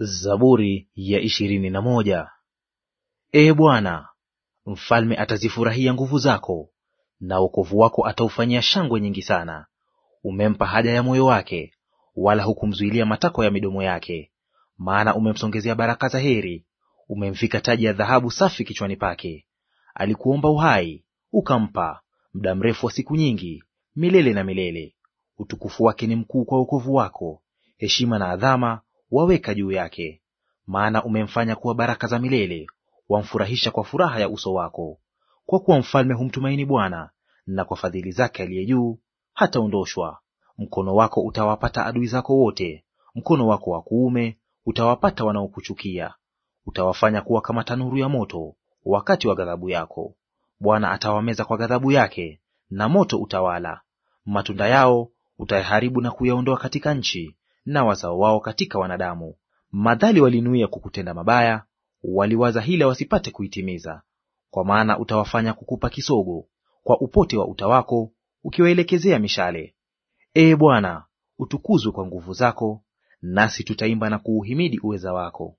Zaburi ya ishirini na moja. Ee Bwana, mfalme atazifurahia nguvu zako, na wokovu wako ataufanyia shangwe nyingi sana. Umempa haja ya moyo wake, wala hukumzuilia matakwa ya midomo yake. Maana umemsongezea baraka za heri, umemvika taji ya dhahabu safi kichwani pake. Alikuomba uhai, ukampa, muda mrefu wa siku nyingi, milele na milele. Utukufu wake ni mkuu kwa wokovu wako, heshima na adhama waweka juu yake, maana umemfanya kuwa baraka za milele, wamfurahisha kwa furaha ya uso wako. Kwa kuwa mfalme humtumaini Bwana, na kwa fadhili zake aliye juu hataondoshwa. Mkono wako utawapata adui zako wote, mkono wako wa kuume utawapata wanaokuchukia. Utawafanya kuwa kama tanuru ya moto wakati wa ghadhabu yako. Bwana atawameza kwa ghadhabu yake, na moto utawala. Matunda yao utayaharibu na kuyaondoa katika nchi, na wazao wao katika wanadamu. Madhali walinuia kukutenda mabaya, waliwaza hila wasipate kuitimiza. Kwa maana utawafanya kukupa kisogo, kwa upote wa uta wako ukiwaelekezea mishale. Ee Bwana, utukuzwe kwa nguvu zako, nasi tutaimba na kuuhimidi uweza wako.